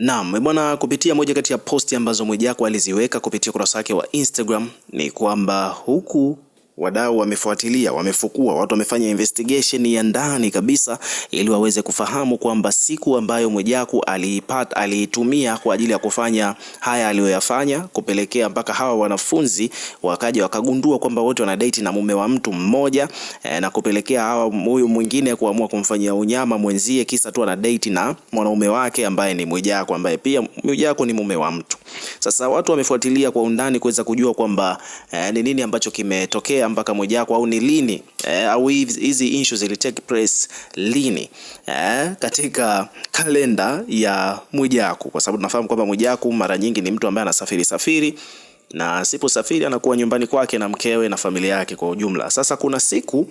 Naam, eh, bwana, kupitia moja kati ya posti ambazo Mwijaku aliziweka kupitia ukurasa wake wa Instagram ni kwamba huku wadau wamefuatilia, wamefukua, watu wamefanya investigation ya ndani kabisa, ili waweze kufahamu kwamba siku ambayo Mwijaku aliipata aliitumia kwa ajili ya kufanya haya aliyoyafanya, kupelekea mpaka hawa wanafunzi wakaja wakagundua kwamba wote wana date na mume wa mtu mmoja e, na kupelekea hawa huyu mwingine kuamua kumfanyia unyama mwenzie, kisa tu ana date na mwanaume wake ambaye ni Mwijaku, ambaye pia Mwijaku ni mume wa mtu. Sasa watu wamefuatilia kwa undani kuweza kujua kwamba eh, ni nini ambacho kimetokea mpaka Mwijaku au ni lini eh, au hizi issues zili take place lini eh, katika kalenda ya Mwijaku, kwa sababu tunafahamu kwamba Mwijaku mara nyingi ni mtu ambaye anasafiri safiri na siposafiri anakuwa nyumbani kwake na mkewe na familia yake kwa ujumla. Sasa kuna siku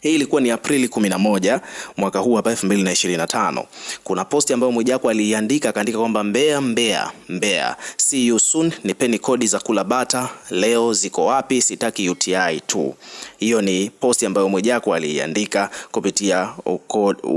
hii ilikuwa ni Aprili 11 mwaka huu hapa 2025. Kuna posti ambayo Mwijaku aliiandika akaandika kwamba mbea mbea mbea, see you soon, nipeni kodi za kula bata leo ziko wapi? Sitaki UTI tu. Hiyo ni posti ambayo Mwijaku aliiandika kupitia,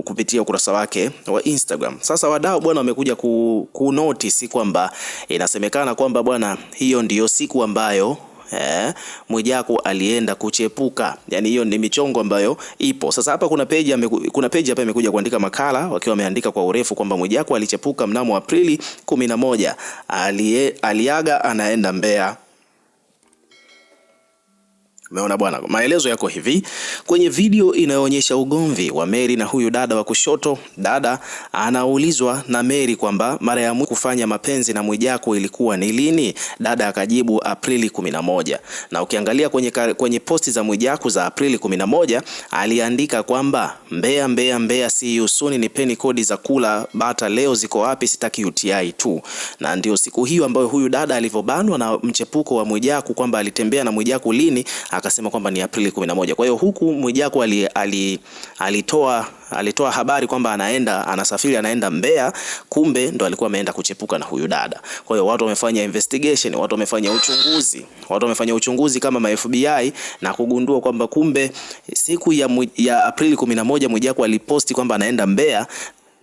kupitia ukurasa wake wa Instagram. Sasa wadau bwana wamekuja ku, ku notice kwamba inasemekana kwamba bwana hiyo ndiyo siku ambayo eh, Mwijaku alienda kuchepuka. Yani hiyo ni michongo ambayo ipo sasa. Hapa kuna peji kuna peji hapa imekuja kuandika makala wakiwa wameandika kwa urefu kwamba Mwijaku alichepuka mnamo Aprili 11 aliaga anaenda Mbeya Umeona bwana, maelezo yako hivi kwenye video inayoonyesha ugomvi wa Mary na huyu dada wa kushoto. Dada anaulizwa na Mary kwamba mara ya mwisho kufanya mapenzi na Mwijaku ilikuwa ni lini? Dada akajibu Aprili 11, na ukiangalia kwenye, kwenye posti za Mwijaku za Aprili 11 aliandika kwamba mbea mbea mbea, see you soon, peni kodi za kula bata leo ziko wapi? Sitaki UTI tu. Na ndio siku hiyo ambayo huyu dada alivyobanwa na mchepuko wa Mwijaku kwamba alitembea na Mwijaku lini akasema kwamba ni Aprili 11. Kwa hiyo huku Mwijaku alitoa ali, ali alitoa habari kwamba anaenda anasafiri anaenda Mbeya, kumbe ndo alikuwa ameenda kuchepuka na huyu dada. Kwa hiyo watu wamefanya investigation, watu wamefanya uchunguzi, watu wamefanya uchunguzi kama ma FBI na kugundua kwamba kumbe siku ya, ya Aprili 11 Mwijaku aliposti kwamba anaenda Mbeya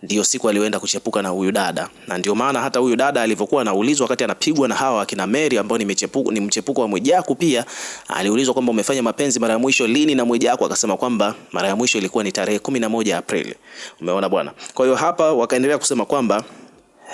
ndiyo siku aliyoenda kuchepuka na huyu dada, na ndio maana hata huyu dada alivyokuwa anaulizwa wakati anapigwa na hawa akina Mary ambao ni mchepuko ni mchepuko wa Mwijaku, pia aliulizwa kwamba umefanya mapenzi mara ya mwisho lini na Mwijaku, akasema kwamba mara ya mwisho ilikuwa ni tarehe kumi na moja Aprili. Umeona bwana. Kwa hiyo hapa wakaendelea kusema kwamba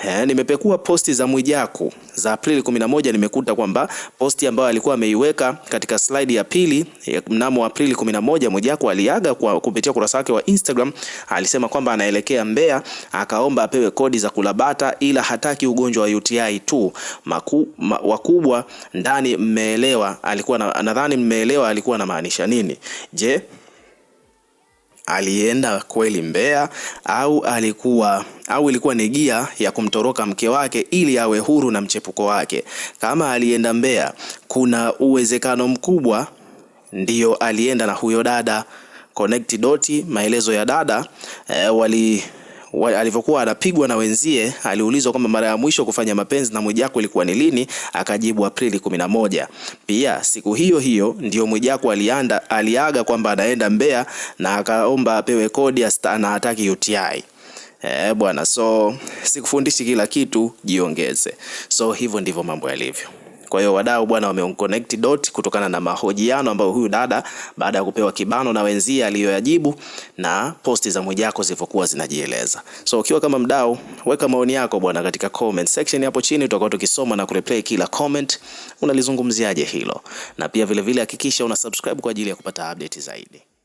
He, eh, nimepekua posti za Mwijaku za Aprili 11 nimekuta kwamba posti ambayo alikuwa ameiweka katika slide ya pili ya mnamo Aprili 11 Mwijaku aliaga kwa kupitia kurasa wake wa Instagram, alisema kwamba anaelekea Mbeya, akaomba apewe kodi za kulabata, ila hataki ugonjwa wa UTI tu. Maku, ma, wakubwa ndani mmeelewa, alikuwa nadhani mmeelewa alikuwa anamaanisha nini. Je, alienda kweli Mbeya au alikuwa au ilikuwa ni gia ya kumtoroka mke wake ili awe huru na mchepuko wake. Kama alienda Mbeya, kuna uwezekano mkubwa ndiyo alienda na huyo dada. Connect doti maelezo ya dada e, wali alivyokuwa anapigwa na wenzie, aliulizwa kwamba mara ya mwisho kufanya mapenzi na Mwijaku ilikuwa ni lini? Akajibu Aprili 11. Pia siku hiyo hiyo ndio Mwijaku alianda, aliaga kwamba anaenda Mbeya na akaomba apewe kodi na hataki UTI. Eh, bwana, so sikufundishi kila kitu, jiongeze. So hivyo ndivyo mambo yalivyo. Kwa hiyo wadau bwana wameconnect dot kutokana na mahojiano ambayo huyu dada baada ya kupewa kibano na wenzia aliyoyajibu na posti za Mwijako zilivyokuwa zinajieleza. So ukiwa kama mdau, weka maoni yako bwana katika comment section hapo chini, tutakuwa tukisoma na kureplay kila comment. Unalizungumziaje hilo? Na pia vilevile hakikisha vile una subscribe kwa ajili ya kupata update zaidi.